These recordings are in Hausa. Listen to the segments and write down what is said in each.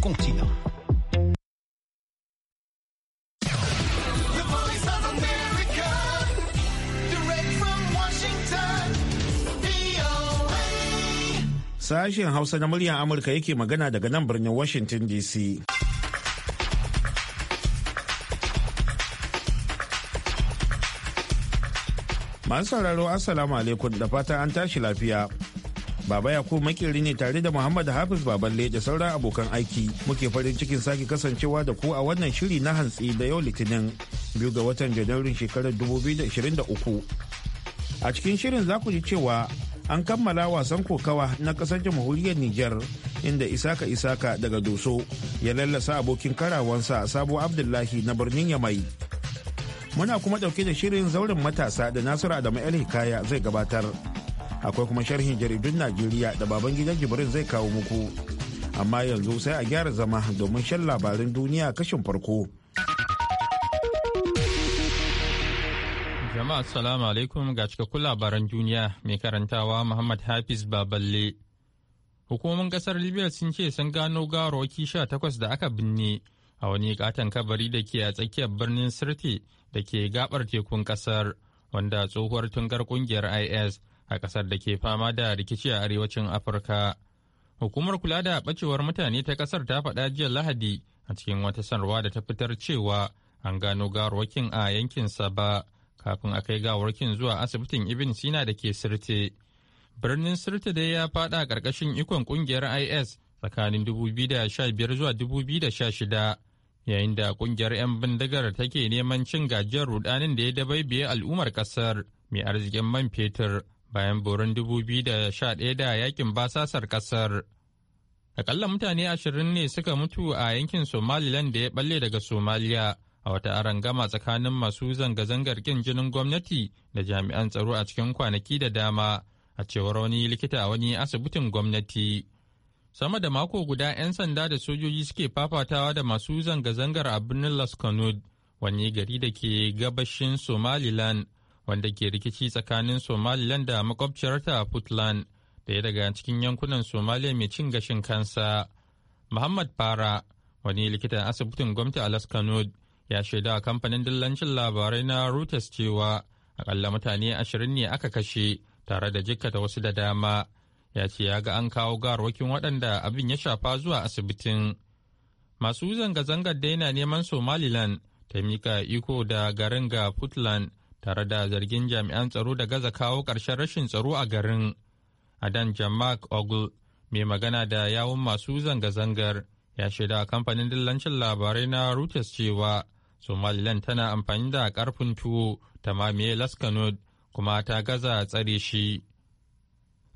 continent. Sashen Hausa na muryar Amurka yake magana daga nan birnin Washington DC. Masu sauraro Assalamu alaikum da fatan an tashi lafiya. Baba Yakubu makeri ne tare da Muhammad Hafiz Baban da sauran abokan aiki muke farin cikin sake kasancewa da ku a wannan shiri na hantsi da yau Litinin biyu ga watan Janairun shekarar 2023. A cikin shirin za ku ji cewa an kammala wasan kokawa na kasar jamhuriyar Nijar inda Isaka Isaka daga Doso ya lallasa abokin karawansa Sabo Abdullahi na birnin Yamai. Muna kuma dauke da shirin zauren matasa da Nasiru Adamu El Hikaya zai gabatar. akwai kuma sharhin jaridun najeriya da baban gidan jibrin zai kawo muku amma yanzu sai a gyara zama domin shan labarin duniya kashin farko jama'a assalamu alaikum ga cikakkun labaran duniya mai karantawa muhammad hafiz baballe hukumomin kasar libya sun ce sun gano sha takwas da aka binne a wani katon kabari da ke a tsakiyar birnin sirte da ke gabar tekun kasar wanda tsohuwar tungar kungiyar is a ƙasar da ke fama da rikici a arewacin Afirka. Hukumar kula da ɓacewar mutane ta ƙasar ta faɗa jiya Lahadi a cikin wata sanarwa da ta fitar cewa an gano gawarwakin a yankin Saba kafin a kai gawarwakin zuwa asibitin Ibn Sina da ke Sirte. Birnin Sirte dai ya faɗa ƙarƙashin ikon ƙungiyar IS tsakanin 2015 zuwa 2016 yayin da ƙungiyar 'yan bindigar take neman cin gajiyar rudanin da ya dabaibiye al'ummar ƙasar mai arzikin man fetur bayan borin dubu biyu da sha da yakin basasar kasar. Akalla mutane ashirin ne suka mutu a yankin Somaliland da ya balle daga Somaliya a wata arangama tsakanin masu zanga-zangar kin jinin gwamnati da jami'an tsaro a cikin kwanaki da dama a cewar wani likita a wani asibitin gwamnati. Sama da mako guda 'yan sanda da sojoji suke fafatawa da masu zanga-zangar a birnin Las Kanud, wani gari da ke gabashin Somaliland wanda ke rikici tsakanin somaliland da makwabciyarta puntland daya daga cikin yankunan somaliya mai cin gashin kansa muhammad fara wani likitan asibitin gwamnati a laskanod ya shaida a kamfanin dillancin labarai na reuters cewa akalla mutane ashirin ne aka kashe tare da jikkata wasu da dama ya ce ya ga an kawo garwakin waɗanda abin ya shafa zuwa asibitin masu zanga-zangar daina neman somaliland ta mika iko da garin ga puntland tare da zargin jami'an tsaro da gaza kawo ƙarshen rashin tsaro a garin. Adan Jamak Ogul mai magana da yawun masu zanga-zangar ya shaida kamfanin dillancin labarai na Reuters cewa Somaliland tana amfani da karfin tuwo ta mamaye Laskanud kuma ta gaza tsare shi.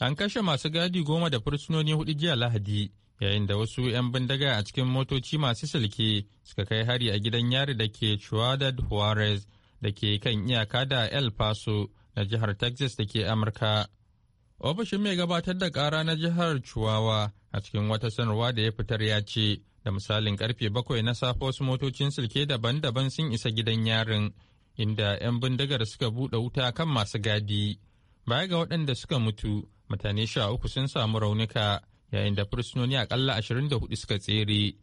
An kashe masu gadi goma da fursunoni hudu jiya Lahadi yayin da wasu 'yan bindiga a cikin motoci masu silke suka kai hari a gidan yari da ke Chuadad Juarez da ke kan iyaka da El Paso na jihar Texas da ke Amurka. Ofishin mai gabatar da kara na jihar Chihuahua a cikin wata sanarwa da ya fitar ya ce, da misalin karfe bakwai na safe wasu motocin silke daban-daban sun isa gidan yarin, inda 'yan bindigar suka buɗe wuta kan masu gadi. Baya ga waɗanda suka mutu, mutane sha uku sun samu raunuka, yayin da fursunoni da hudu suka tsere.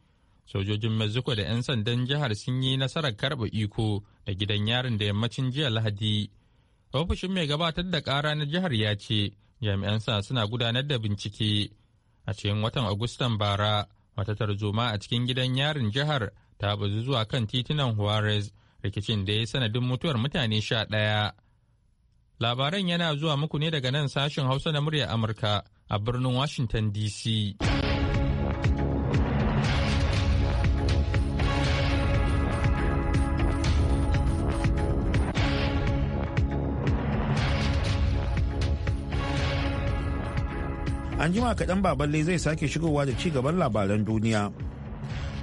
sojojin mexico da 'yan sandan jihar sun yi nasarar karɓa iko da gidan yarin da yammacin jiya lahadi ofishin mai gabatar da ƙara na jihar ya ce jami'an sa suna gudanar da bincike a cikin watan agustan bara wata tarzoma a cikin gidan yarin jihar ta bazu zuwa kan titunan juarez rikicin da ya sanadin mutuwar mutane sha ɗaya labaran yana zuwa muku ne daga nan sashen hausa na murya amurka a birnin washington dc an jima kaɗan baballe zai sake shigowa da ci gaban labaran duniya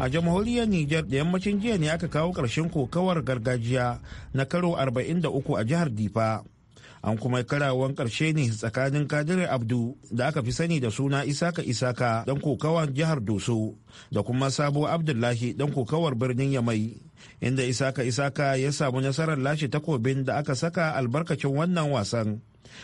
a jamhuriyar niger da yammacin jiya ne aka kawo ƙarshen kokawar gargajiya na karo 43 a jihar difa an kuma karawan ƙarshe ne tsakanin kadir abdu da aka fi sani da suna isaka isaka dan kokawar jihar doso da kuma sabo abdullahi dan kokawar birnin yamai inda isaka isaka ya samu nasarar lashe takobin da aka saka albarkacin wannan wasan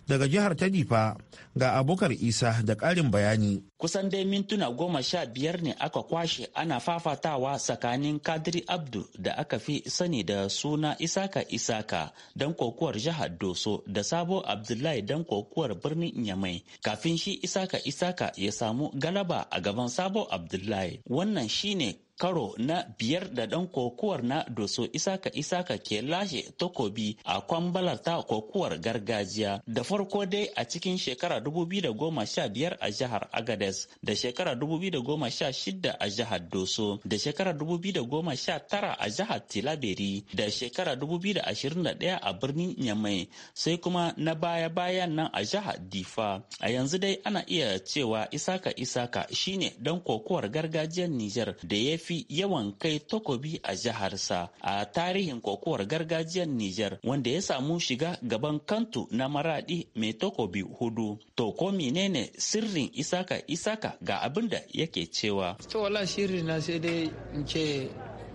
daga jihar ta difa ga abokar isa da ƙarin bayani kusan dai mintuna goma sha biyar ne aka kwashe ana fafatawa tsakanin kadiri abdu da aka fi sani da suna isaka isaka dan kokuwar jihar doso da sabo abdullahi dan kokuwar birnin nyamai kafin shi isaka isaka ya samu galaba a gaban sabo abdullahi wannan shine karo na biyar da ɗan kokuwar na doso isaka isaka ke lashe takobi a kwambalar ta kokuwar gargajiya da farko dai a cikin shekara 2015 a jihar agades da shekara 2016 a jihar doso da shekara 2019 a jihar tilaberi da shekara 2021 a birnin nyamai sai kuma na baya-bayan nan a jihar difa a yanzu dai ana iya cewa isaka isaka shine ɗan kokuwar gargajiyar Nijar da ya fi yawan kai takobi a jiharsa a tarihin kokowar gargajiyar Nijar wanda ya samu shiga gaban kantu na maradi mai takobi hudu. To ko menene sirrin Isaka Isaka ga abin da yake cewa. To wala shiri na sai dai in ce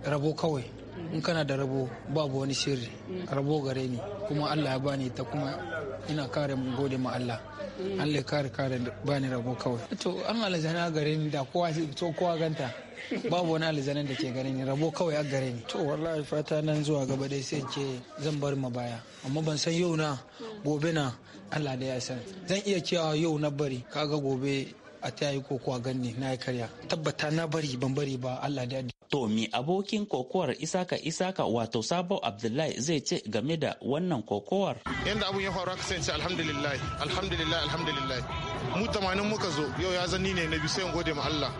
rabo kawai. In kana da rabo babu wani shiri rabo gare ni kuma Allah ya bani ta kuma ina kare gode ma Allah. Allah ya kare kare bani rabo kawai. To an alazana gare ni da kowa ganta. babu wani alizanin da ke gare ni rabo kawai a gare ni to wallahi fata nan zuwa gaba dai sai ce zan bar ma baya amma ban san yau na gobe na Allah da ya san zan iya cewa yau na bari kaga gobe a ta yi kokowa ganni na yi karya tabbata na bari ban bari ba Allah da Tomi abokin kokowar Isaka Isaka wato Sabo Abdullahi zai ce game da wannan kokowar. Yanda abun ya faru kasance alhamdulillah alhamdulillah alhamdulillah mu tamanin muka zo yau ya zanni ne na biyu sai in gode ma Allah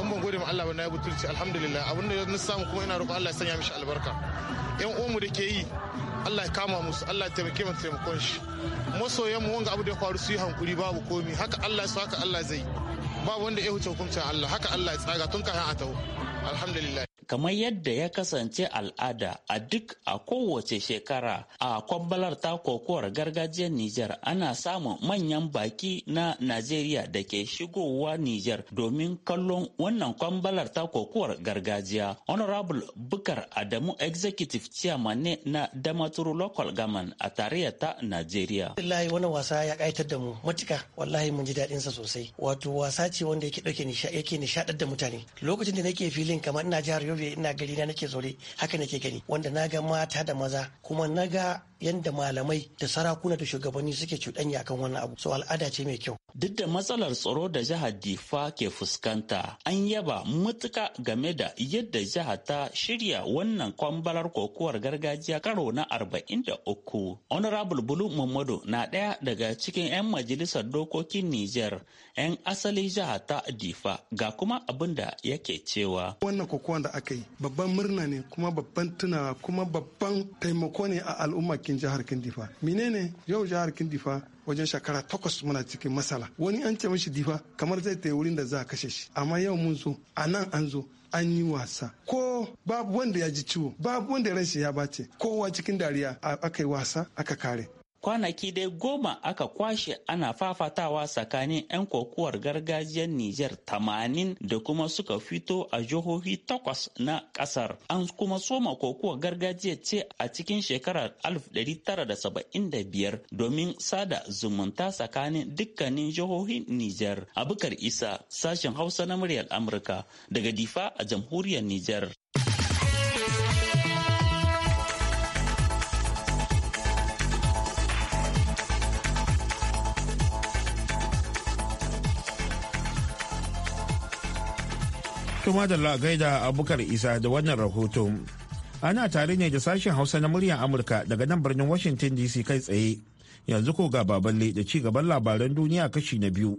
in ban gode ma Allah ba na yi butulci alhamdulillah abin da na samu kuma ina roƙon Allah ya sanya mishi albarka yan uwanmu da ke yi Allah ya kama musu Allah ya taimake mu taimakon shi masoyan mu wanga abu da ya faru su yi hankuri babu komi haka Allah ya so haka Allah zai babu wanda ya huce hukuncin Allah haka Allah ya tsaga tun kafin a taho alhamdulillah kamar yadda ya kasance al'ada a duk a kowace shekara a kwambalar ta kokowar gargajiyar Nijar ana samun manyan baki na Najeriya da ke shigowa Nijar domin kallon wannan kwambalar ta kokowar gargajiya. Honorable Bukar Adamu Executive Chairman ne na Damaturu Local Gaman a tarayyar ta Najeriya. Wallahi wani wasa ya da mu matuka wallahi mun ji daɗin sa sosai. Wato wasa ce wanda yake nishaɗar da mutane. Lokacin da nake filin kamar ina jihar ƙauye ina gari na nake zaure haka nake gani wanda na ga mata da maza kuma na ga yadda malamai da sarakuna da shugabanni suke cuɗanya kan wannan abu so al'ada ce mai kyau duk da matsalar tsaro da jihar difa ke fuskanta an yaba matuka game da yadda jiha ta shirya wannan kwambalar kokowar gargajiya karo na arba'in da 43 honorable bulu mamadu na ɗaya daga cikin 'yan majalisar dokokin niger 'yan asali jihar ta difa ga kuma abin da yake cewa wannan kokowar da kai babban murna ne kuma babban tunawa kuma babban taimako ne a al'ummakin jihar Kindifa. Menene yau jihar Kindifa wajen shekara takwas muna cikin masala wani an ce mashi difa kamar zai ta wurin da za a kashe shi amma yau mun zo a nan an zo an yi wasa ko babu wanda ya ji ciwo babu wanda ya ranshi ya bace kowa cikin dariya aka yi wasa aka kare Kwanaki dai goma aka kwashe ana fafatawa tsakanin 'yan kokuwar gargajiyar Nijar tamanin da kuma suka fito a jihohi takwas na kasar. An kuma soma kokuwar gargajiya ce a cikin shekarar 1975 domin sada zumunta tsakanin dukkanin jihohin Nijar. Abukar Isa, sashen Hausa na muryar Amurka daga Difa a jamhuriyar Nijar. Tuma da gaida Abubakar Isa da wannan rahoto. Ana tare ne da sashen Hausa na muryar Amurka daga nan birnin Washington DC kai tsaye. Yanzu ko ga baballe da ci gaban labaran duniya kashi na biyu.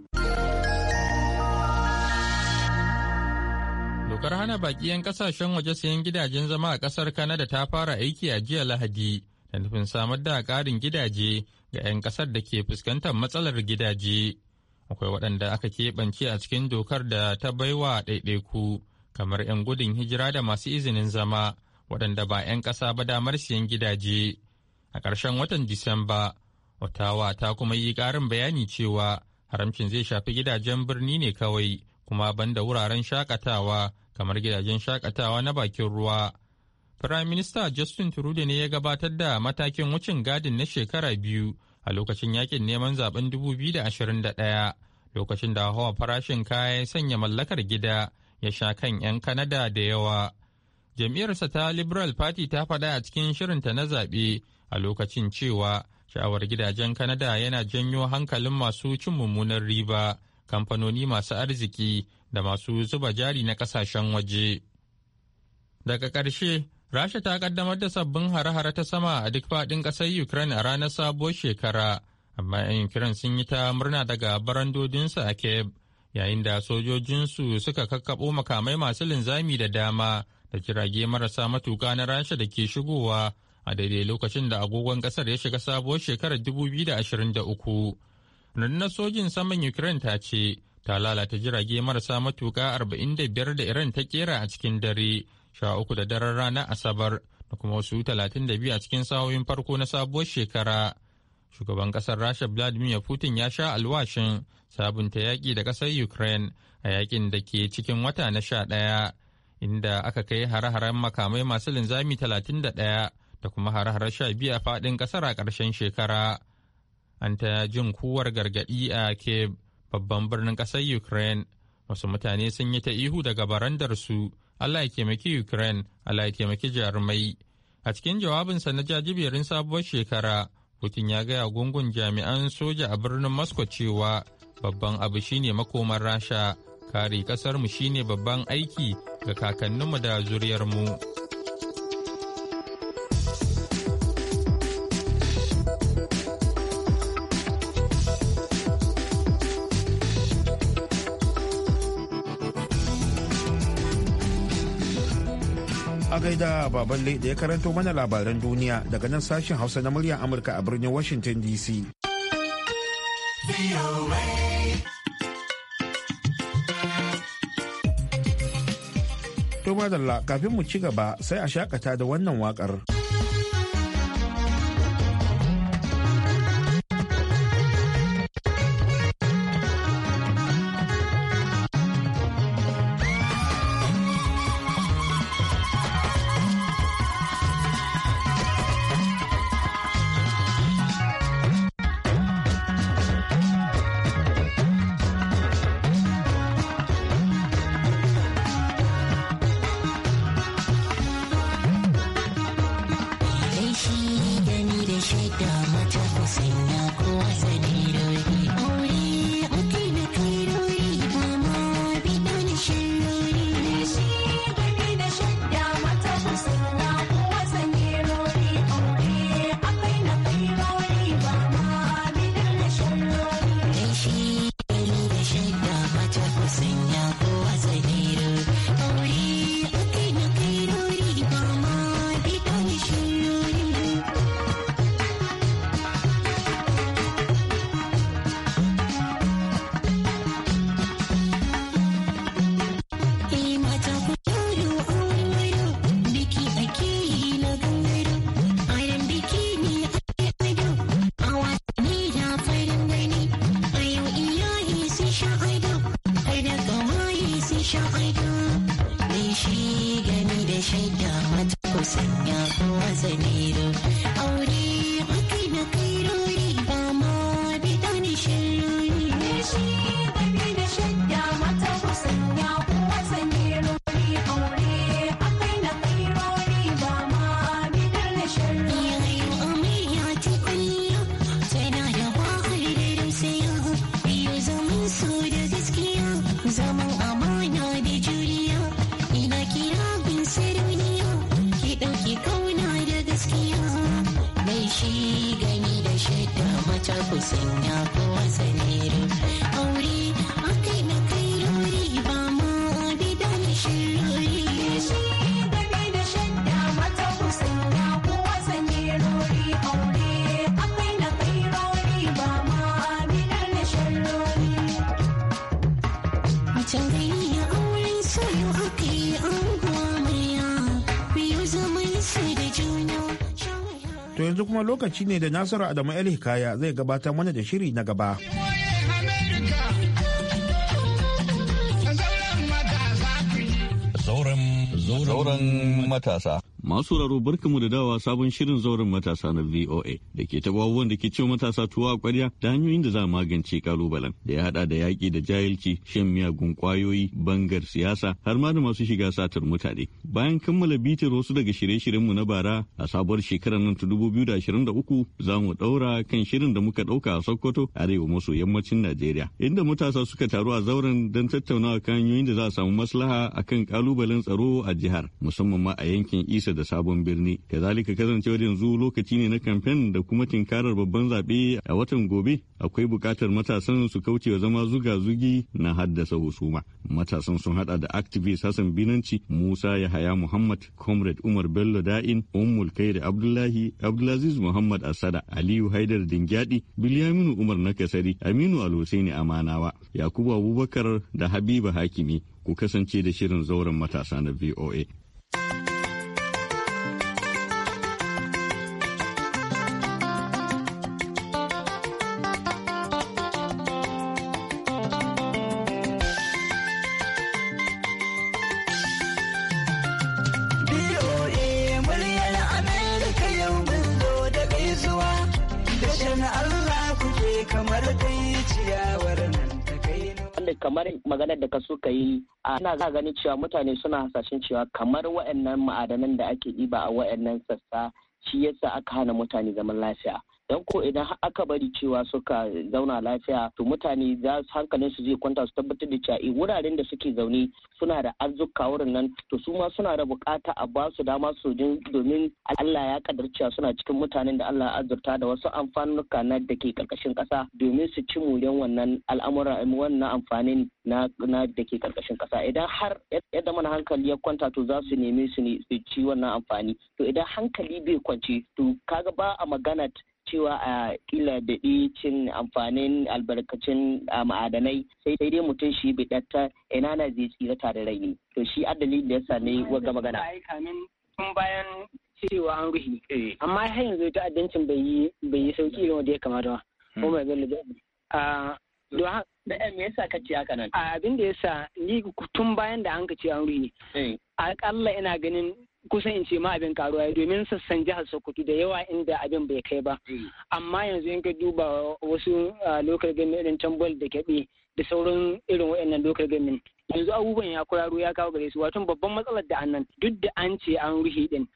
Dokar hana baki 'yan kasashen waje sayan gidajen zama a kasar Kanada ta fara aiki a jiya Lahadi da nufin samar da ƙarin gidaje ga 'yan kasar da ke fuskantar matsalar gidaje. akwai waɗanda aka keɓance a cikin dokar da ta baiwa ɗaiɗaiku kamar 'yan gudun hijira da masu izinin zama waɗanda ba 'yan ƙasa ba damar siyan gidaje a ƙarshen watan disamba watawa ta kuma yi ƙarin bayani cewa haramcin zai shafi gidajen birni ne kawai kuma banda wuraren shakatawa kamar gidajen shakatawa na bakin ruwa Firayim Minista Justin Trudeau ne ya gabatar da matakin wucin gadin na shekara biyu a lokacin yakin neman zaben 2021 lokacin da hawa farashin kaya ya sanya mallakar gida ya sha kan 'yan Kanada da yawa. Jam'iyyarsa ta Liberal Party ta faɗa a cikin shirinta na zaɓe a lokacin cewa sha'awar gidajen Kanada yana janyo hankalin masu cin mummunar riba, kamfanoni masu arziki da masu zuba jari na ƙasashen waje. Daga ƙarshe, Rasha ta kaddamar da sabbin hare-hare ta sama a duk faɗin ƙasar Ukraine a ranar sabuwar shekara, amma 'yan Ukraine sun yi ta murna daga barandodinsu a Kiev, yayin da sojojinsu suka kakkaɓo makamai masu linzami da dama da jirage marasa matuƙa na Rasha da ke shigowa a daidai lokacin da agogon ƙasar ya shiga sabuwar shekarar 2023. Rundunar sojin saman Ukraine ta ce ta lalata jirage marasa matuƙa 45 da Iran ta kera a cikin dare. sha uku da daren ranar Asabar da kuma wasu talatin da biyu a cikin sahoyin farko na sabuwar shekara. Shugaban ƙasar Rasha Vladimir Putin ya sha alwashin sabunta yaƙi da ƙasar Ukraine a yaƙin da ke cikin wata na sha ɗaya, inda aka kai hare-haren makamai masu linzami talatin da ɗaya da kuma hare hare sha biyu a faɗin ƙasar a ƙarshen shekara. An ta jin kuwar gargaɗi a Kiev, babban birnin ƙasar Ukraine. wasu mutane sun yi ta ihu daga barandarsu allah ya taimaki ukraine allah ya taimaki jarumai a cikin jawabinsa na jajibirin sabuwar shekara putin ya gaya gungun jami'an soja a birnin moscow cewa babban abu shine makomar rasha kare kasarmu shine babban aiki ga kakanninmu da zuriyarmu. mu gaida baban da ya karanto mana labaran duniya daga nan sashen hausa na muryar amurka a birnin washington dc to madalla kafin mu ci gaba sai a shakata da wannan wakar. shi gani da shaida macar ku sanya kuma lokaci ne da Nasiru Adamu El Hikaya zai gabatar mana da shiri na gaba. Zauren matasa. Masu raro barkamu da dawa sabon shirin zauren matasa na VOA da ke taɓa abubuwan da ke ce matasa tuwa a da hanyoyin da za a magance kalubalen da ya haɗa da yaƙi da jahilci, shan miyagun kwayoyi bangar siyasa har ma da masu shiga satar mutane. Bayan kammala bitar wasu daga shirye-shiryenmu na bara a sabuwar shekarar nan ta uku za mu ɗaura kan shirin da muka ɗauka a Sokoto arewa maso yammacin Najeriya inda matasa suka taru a zauren don tattaunawa kan hanyoyin da za a samu maslaha akan kalubalen tsaro a jihar musamman ma a yankin Isa da sabon birni kazalika kasancewar yanzu lokaci ne na kamfen da kuma tinkarar babban zaɓe a watan gobe akwai buƙatar matasan su kaucewa zama zuga zugi na haddasa husuma matasan sun hada da activist hassan binanci musa yahaya muhammad comrade umar bello da'in ummul da abdullahi abdulaziz muhammad asada aliyu haidar dingyadi bilyaminu umar na kasari aminu alhusaini amanawa yakubu abubakar da habiba hakimi ku kasance da shirin zauren matasa na voa kamar maganar da ka so ka yi ana za gani cewa mutane suna hasashen cewa kamar waɗannan ma'adanan da ake ɗiba a waɗannan sassa shi yasa aka hana mutane zaman lafiya dan ko idan aka bari cewa suka zauna lafiya to mutane za hankalin su zai kwanta su tabbatar da cewa eh, wuraren da suke zaune suna da arzuka wurin nan to su ma suna da bukata a ba su dama su domin Allah ya cewa suna cikin mutanen da Allah ya azurta da wasu amfanuka na da ke karkashin kasa domin su ci muriyan wannan al'amura wannan amfanin na da ke karkashin kasa idan har yadda mana hankali ya kwanta to za su neme su ne su ci wannan amfani to idan hankali bai kwance to kaga ba a magana cewa a kila daɗi cin amfanin albarkacin ma'adanai sai dai mutum shi bidatta ina na zai tsira tare rai ne to shi adalin da ya sami wagga magana tun bayan cewa an ruhi eh. amma har yanzu ta'addancin bai yi bai yi sauki irin wanda ya kamata ba hmm. oh my god a ah, ah, don da eh, me yasa ka ce haka nan ah, abin da yasa ni tun bayan da an ka ce an ruhi eh. akalla ina ganin kusan in ce ma abin karuwa ya domin sassan jihar Sokoto da yawa inda abin bai kai ba. Hmm. Amma yanzu in ka duba wasu ah, local government irin Tambol da Kebbi da sauran irin waɗannan local government yanzu abubuwan ya kuraru ya kawo gare su wato babban matsalar da annan duk da an ce an ruhe din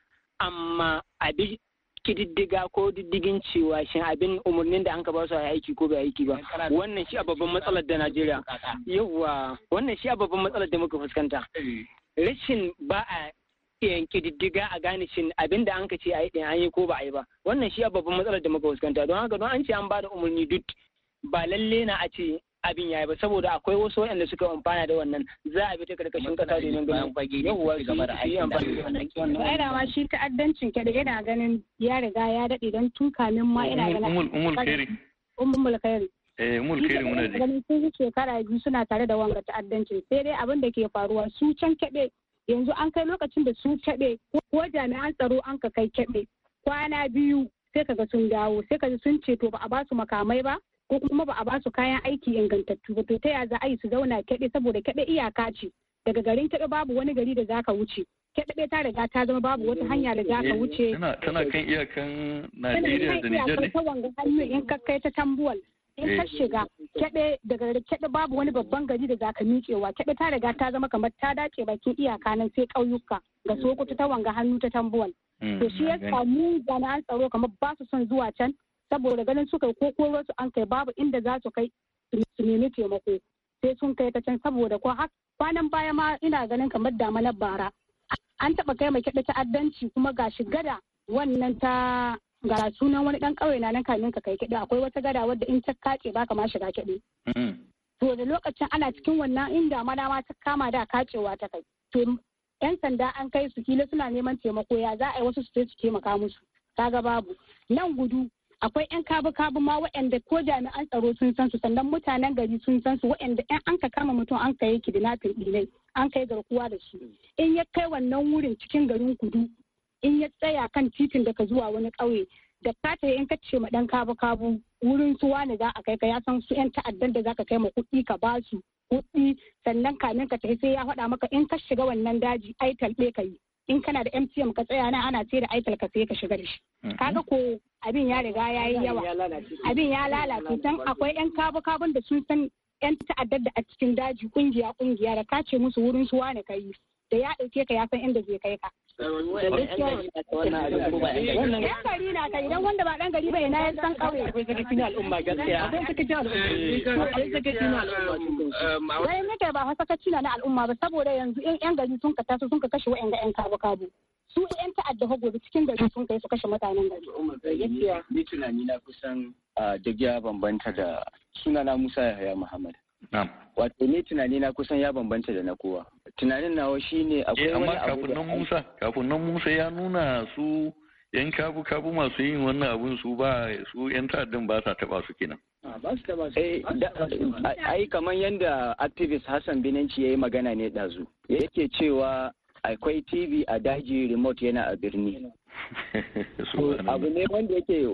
amma abin kididdiga ko diddigin cewa shin abin umarnin da an ka ba su a aiki ko bai aiki ba wannan shi a babban matsalar da Najeriya yawa wannan shi a babban matsalar da muka fuskanta hmm. rashin ba a yan kididdiga a gane shin abin da an ka ce a yi an yi ko ba a yi ba wannan shi babban matsalar da muka fuskanta don haka don an ce an ba da umarni duk ba lalle na a ce abin yi ba saboda akwai wasu waɗanda suka amfana da wannan za a bi ta karkashin da domin ganin fage yawwa su yi amfani da wannan ina ma shi ta'addancin ke da ina ganin ya riga ya daɗe don tun kamin ma yana ganin umul umul kairi umul kairi eh umul kairi muna ji ganin sun shekara biyu suna tare da wanga ta'addancin sai dai abin da ke faruwa su can keɓe yanzu an kai lokacin da su kyaɓe ko jami'an tsaro an ka kai kyaɓe kwana biyu sai kaga sun dawo sai kaga sun ce to ba a basu makamai ba ko kuma ba a basu kayan aiki ingantattu ba to ta ya za a yi su zauna kyaɗe saboda kyaɗe iyaka ce daga garin kyaɗe babu wani gari da zaka wuce ɗaya ta riga ta zama babu wata hanya da zaka wuce tana kan iyakan Najeriya da Nijar ta wanga kakkai ta tambuwal in ka eh. shiga kyaɗe daga kyaɗe babu wani babban gari da zaka miƙewa kyaɗe ta riga ta zama kamar ta dace bakin iyaka nan sai kauyuka ga mm. sokoto ta wanga hannu ta tambuwan mm, to shi ya samu jami'an tsaro kamar ba su son zuwa can saboda ganin suka ko ko su an kai babu inda za su kai su nemi taimako sai sun kai ta can saboda ko har kwanan baya ma ina ganin kamar da damanar bara an taɓa kai mai ta ta'addanci kuma ga shi gada wannan ta ga sunan wani dan kauye na nan kamin ka kai kiɗi akwai wata gada wadda in ta kace baka ma shiga kiɗi. Hmm. To da lokacin ana cikin wannan inda mana ma ta kama da kacewa ta kai. To yan sanda an kai su kila suna neman taimako ya za a yi wasu su je su taimaka musu. Kaga babu. Nan gudu akwai 'yan kabu-kabu ma waɗanda ko jami'an tsaro sun san su sannan mutanen gari sun san su waɗanda 'yan an ka kama mutum an ka yi kidnapping ɗinai an kai garkuwa da shi in ya kai wannan wurin cikin garin kudu in ya tsaya kan titin da ka zuwa wani ƙauye da ka ta in ka ce ma ɗan kabu kabu wurin su wani za a kai ka ya san su yan ta'addan da za ka kai ma kuɗi ka ba su kuɗi sannan kamin ka tafi sai ya faɗa maka in ka shiga wannan daji aital ɗe ka yi in kana da MTM ka tsaya na ana ce da aital ka sai ka shiga da shi mm-hmm. kaga ko abin ya riga ya yi yawa abin ya lalace san akwai yan kabu kabun da sun san yan ta'addar da a cikin daji kungiya kungiya da ka ce musu wurin su wani ka yi da ya ɗauke ka ya san inda zai kai ka. Yan gari na ka idan wanda ba ɗan gari ba ina ya san ƙauye. Akwai sakacin al'umma gaskiya. Akwai sakacin al'umma. Eh, akwai sakacin al'umma. Um, Wai nake ba sakaci na al'umma ba saboda yanzu yan gari sun ka taso sun ka kashe wa'anda yan kabu-kabu. Su yan ta'adda gobe cikin gari sun kai su kashe mutanen gari. Ni tunani na kusan ah, duk ya bambanta da sunana Musa Yahaya Muhammad. Wato ni tunani na kusan ya bambanta da na kowa. Tunanin nawa ne eh, akwai wani abu amma kafin nan Musa, kafin nan Musa ya nuna su yan kabu kabu masu yin wannan abun su ba su yan ta'addin ba sa taba su kenan. Eh, ai kamar yadda activist Hassan Binanci ya yi magana ne ɗazu. Yake cewa akwai TV a daji remote yana a birni. Abu ne wanda yake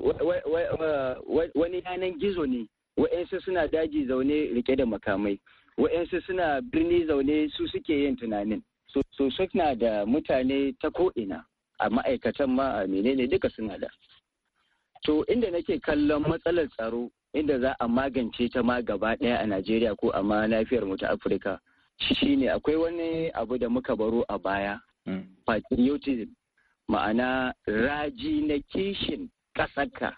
wani yanan gizo ne wa'yansu suna daji zaune rike da makamai wa'yansu suna birni zaune su suke yin tunanin so na da mutane ta ko'ina a ma'aikatan ma a menene duka suna da to inda nake kallon matsalar tsaro inda za a magance ta ma gaba ɗaya a najeriya ko a ma lafiyar mu ta afirka shine akwai wani abu da muka baro a baya mm. patriotism ma'ana raji na kishin ƙasarka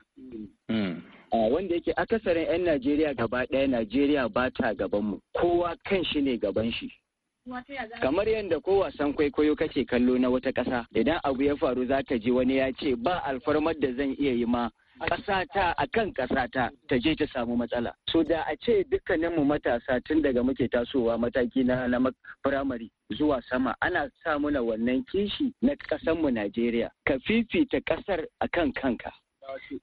mm. wanda yake akasarin 'yan Najeriya gaba ɗaya Najeriya ba ta mu kowa kan shi ne gaban shi. Kamar yadda ko wasan kwaikwayo kake kallo na wata ƙasa idan abu ya faru za ka ji wani ya ce ba alfarmar da zan iya yi ma ƙasata a kan ƙasata ta je ta samu matsala. So da a ce dukkaninmu matasa tun daga muke tasowa mataki na na firamare zuwa sama ana sa wannan kishi na ƙasar mu Najeriya. Ka fifita ƙasar a kan kanka.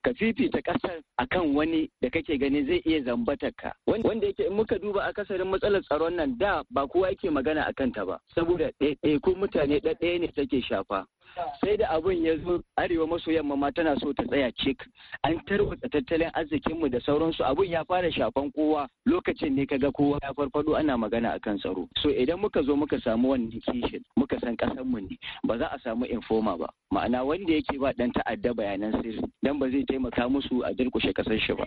ka fifita kasar akan wani da kake gani zai iya zambatar ka wanda yake in muka duba akasarin matsalar tsaron nan da ba kowa yake magana akan ta ba saboda ko mutane ɗaya ne take shafa sai da abin ya zo arewa maso yamma ma tana so ta tsaya cik an tarwata tattalin arzikinmu da sauransu abin ya fara shafan kowa lokacin ne kaga kowa ya farfado ana magana akan tsaro so idan muka zo muka samu wannan kishin muka san kasanmu ne ba za a samu informa ba ma'ana wanda yake ba dan ta'adda bayanan sirri dan ba zai taimaka musu a durkushe kasar shi ba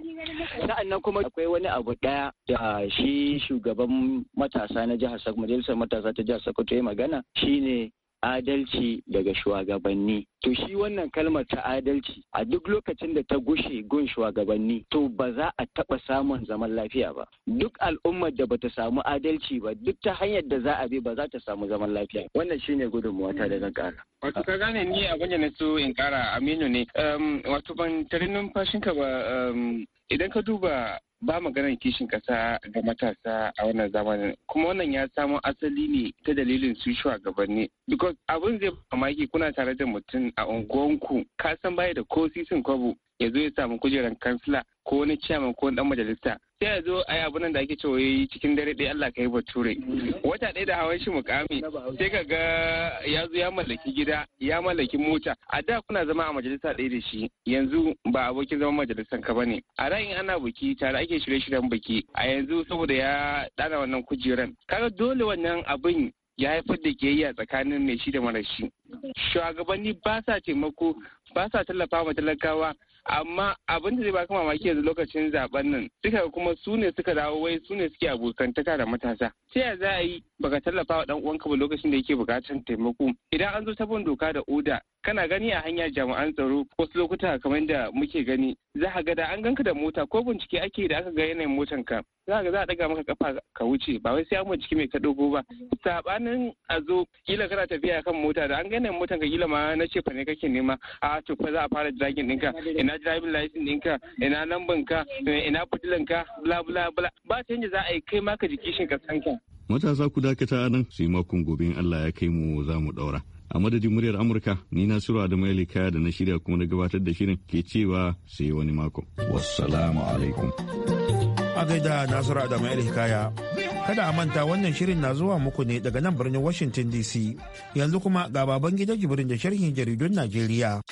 sa'annan kuma akwai wani abu daya da shi shugaban matasa na jihar sakamajalisar matasa ta jihar sokoto ya magana shine adalci daga shugabanni to shi wannan kalmar ta adalci a duk lokacin da ta gushe gun shugabanni to ba za a taɓa samun zaman lafiya ba duk al'ummar da bata samu adalci ba duk ta hanyar da za a bi ba za ta samu zaman lafiya wannan shine gudunmuwa ta daga kara wato ka gane ni abin da na so in kara aminu ne wato ban tare numfashinka ba idan ka duba ba maganar kishin kasa ga matasa a wannan zamanin kuma wannan ya samo asali ne ta dalilin su shugabanni because abin zai mamaki kuna tare da mutum a unguwanku ka san baya da ko sisin kwabo ya zo ya samu kujerar kansila ko wani ciyaman ko dan majalisa sai ya zo a yi nan da ake cewa yi cikin dare ɗaya Allah ka yi bature wata ɗaya da hawan shi mukami sai ka ga ya zo ya mallaki gida ya mallaki mota a da kuna zama a majalisa ɗaya da shi yanzu ba abokin zaman majalisan ka bane a ra'ayin ana buki tare ake shirye-shiryen buki a yanzu saboda ya ɗana wannan kujeran kaga dole wannan abin ya haifar da kiyayya tsakanin mai shi da mara shi shugabanni ba sa taimako ba sa tallafa ma talakawa amma abin da zai baka mamaki yanzu lokacin zaben nan duka kuma su ne suka dawo wai su ne suke abokantaka da matasa ta ya za a yi baka tallafa wa dan uwanka ba lokacin da yake bukatan taimako idan an zo ta doka da oda kana gani a hanya jami'an tsaro wasu lokuta kamar da muke gani za ka ga da an ganka da mota ko bincike ake da aka ga yanayin motan ka za ka za a daga maka kafa ka wuce ba wai sai an bincike mai ka dogo ba sabanin a zo kila kana tafiya kan mota da an ga yanayin motan ka kila ma na ce fa ne kake nema a to fa za a fara dragging ɗinka ina driving license ɗinka ina lamban ka ina fitilan ka bla bla bla ba ta yanda za a yi kai ma ka jiki shi ka san ka Matasa ku dakata a nan yi makon gobe in Allah ya kai mu za mu daura. A madadin muryar Amurka, ni na Sura Adamu Maili Kaya da na shirya kuma na gabatar da shirin ke cewa sai wani mako. Wassalamu alaikum. A gaida Nasiru Adamu El Hikaya, kada a manta wannan shirin na zuwa muku ne daga nan birnin Washington DC. Yanzu kuma ga baban gida jibirin da sharhin jaridun Najeriya.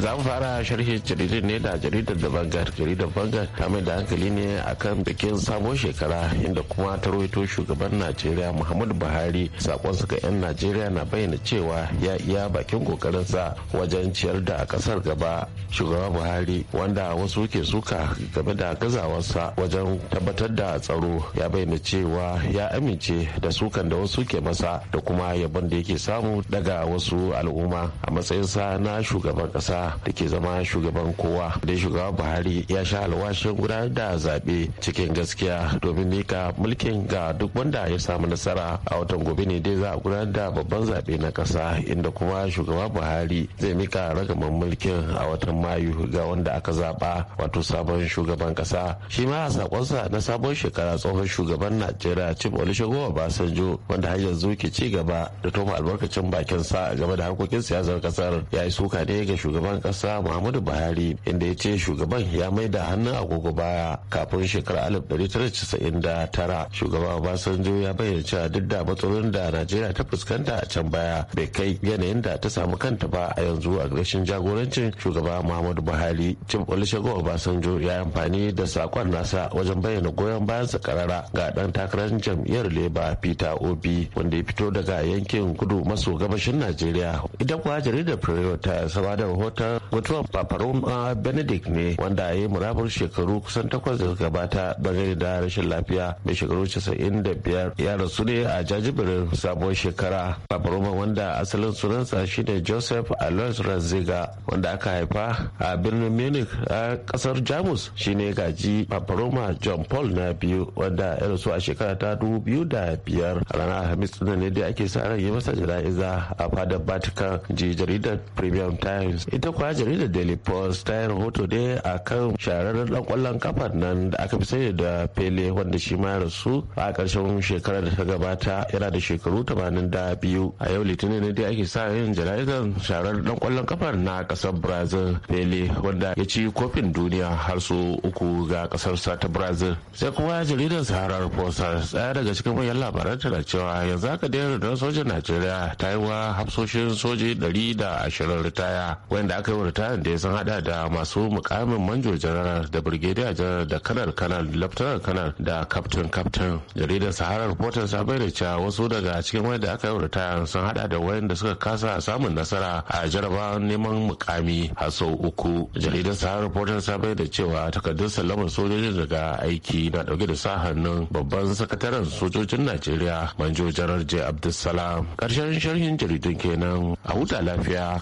za mu fara sharhi jaridar ne da jaridar da bangar jaridar bangar ta mai da hankali ne akan bikin sabon shekara inda kuma ta shugaban najeriya muhammadu buhari sakonsa ga 'yan najeriya na bayyana cewa ya iya bakin kokarinsa wajen ciyar da kasar gaba shugaba buhari wanda wasu ke suka game da gazawarsa wajen tabbatar da tsaro ya bayyana cewa ya amince da sukan da wasu ke masa da kuma yabon da yake samu daga wasu al'umma a matsayinsa na shugaban kasa da ke zama shugaban kowa da shugaban buhari ya sha alwashin gudanar da zaɓe cikin gaskiya domin mika mulkin ga duk wanda ya samu nasara a watan gobe ne dai za a gudanar da babban zaɓe na ƙasa inda kuma shugaban buhari zai mika ragaman mulkin a watan mayu ga wanda aka zaɓa wato sabon shugaban ƙasa shi ma a sakonsa na sabon shekara tsohon shugaban najeriya cim olusegun obasanjo wanda har yanzu ke ci gaba da toma albarkacin bakin sa game da harkokin siyasar ƙasar ya yi suka ne ga shugaban shugaban kasa muhammadu buhari inda ya ce shugaban ya mai da hannun agogo baya kafin shekarar 1999 shugaba obasanjo ya bayyana cewa duk da matsalolin da najeriya ta fuskanta a can baya bai kai yanayin da ta samu kanta ba a yanzu a gashin jagorancin shugaba muhammadu buhari cin olusegun obasanjo ya amfani da sakon nasa wajen bayyana goyon sa karara ga dan takarar jam'iyyar leba peter obi wanda ya fito daga yankin kudu maso gabashin najeriya idan kuwa jaridar prero ta saba da rahoton kusan mutuwar paparoma benedict ne wanda ya yi murabur shekaru kusan takwas da gabata bangare da rashin lafiya mai shekaru 95 ya rasu ne a jajibirin sabon shekara paparoma wanda asalin sunansa shine joseph alois ranziga wanda aka haifa a birnin munich a kasar jamus shine gaji paparoma john paul na biyu wanda ya rasu a shekara ta da biyar ranar alhamis ne dai ake sa ran yi masa jana'iza a fadar vatican ji jaridar premium times ita kuwa jaridar daily post ta yi rahoto dai a kan shahararren dan kwallon kafar nan da aka fi sani da pele wanda shi ma rasu a karshen shekarar da ta gabata yana da shekaru 82 a yau litinin ne dai ake sa yin jaridar shahararren dan kwallon kafar na kasar brazil pele wanda ya ci kofin duniya har su uku ga sa ta brazil sai kuma jaridar saharar posar tsaya daga cikin manyan labaran tana cewa yanzu haka dai rundunar sojin najeriya ta yi wa hafsoshin soji ashirin ritaya wanda aka yi ritayar da ya san hada da masu mukamin manjo janar da brigadier janar da kanar kanar laftanar kanar da captain captain jaridar sahara reporters ta bayyana cewa wasu daga cikin wanda aka yi ritayar sun hada da wayanda suka kasa samun nasara a jarabawan neman mukami a sau uku jaridar sahara reporters ta bayyana cewa takardun sallamar sojojin daga aiki na dauke da sa hannun babban sakataren sojojin najeriya manjo janar j abdulsalam karshen sharhin jaridun kenan a huta lafiya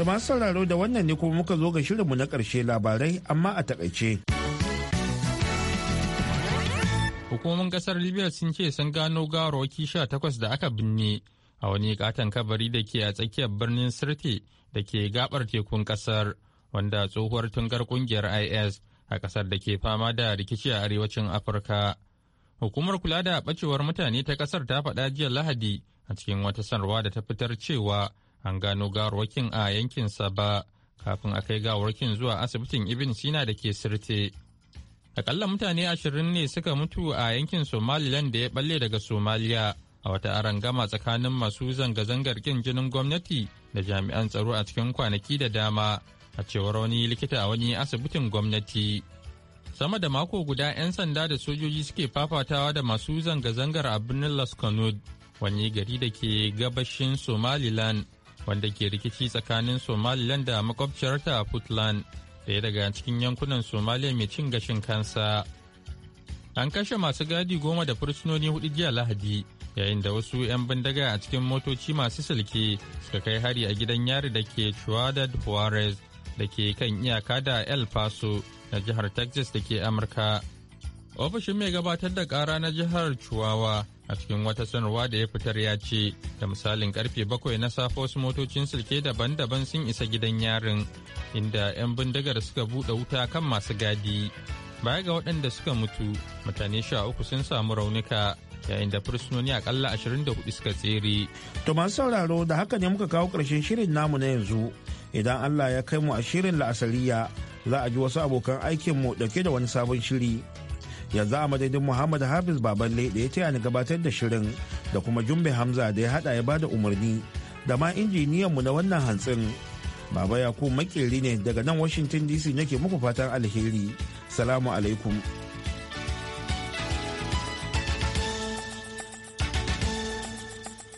da masu sauraro da wannan ne kuma muka zo ga shirinmu na ƙarshe labarai amma a takaice. Hukumomin ƙasar Libya sun ce sun gano gawarwaki takwas da aka binne a wani katon kabari da ke a tsakiyar birnin Sirte da ke gabar tekun ƙasar wanda tsohuwar tungar ƙungiyar IS a ƙasar da ke fama da rikici a arewacin Afirka. Hukumar kula da ɓacewar mutane ta ƙasar ta faɗa jiya Lahadi a cikin wata sanarwa da ta fitar cewa an gano gawarwakin a yankinsa ba kafin a kai gawarwakin zuwa asibitin Ibn Sina da ke Sirte. Akalla mutane ashirin ne suka mutu a yankin Somaliland da ya balle daga Somaliya a wata arangama tsakanin masu zanga-zangar kin jinin gwamnati da jami'an tsaro a cikin kwanaki da dama a cewar wani likita a wani asibitin gwamnati. Sama da mako guda 'yan sanda da sojoji suke fafatawa da masu zanga-zangar a birnin Las wani gari da ke gabashin Somaliland wanda ke rikici tsakanin somaliland da a puntland daya daga cikin yankunan somaliya mai cin gashin kansa an kashe masu gadi goma da fursunoni hudu jiya lahadi yayin da wasu 'yan bindiga a cikin motoci masu silke suka kai hari a gidan yari da ke chuadad Juarez da ke kan iyaka da El Paso na jihar Texas da ke Amurka. ofishin mai gabatar da kara na jihar cuwawa a cikin wata sanarwa da ya fitar ya ce da misalin karfe bakwai na safe wasu motocin silke daban-daban sun isa gidan yarin inda 'yan bindigar suka buɗe wuta kan masu gadi baya ga waɗanda suka mutu mutane sha uku sun samu raunuka yayin da fursunoni akalla 24 suka tsere. To masu sauraro da haka ne muka kawo ƙarshen shirin namu na yanzu idan Allah ya kai mu a shirin la'asariya za a ji wasu abokan aikinmu ɗauke da wani sabon shiri. yanzu a madadin muhammad hafiz baballe da ya taya ni gabatar da shirin da kuma jumbe hamza da ya hada ya bada umarni da ma injiniyanmu na wannan hantsin baba yakubu makeri ne daga nan washington dc nake muku fatan alheri salamu alaikum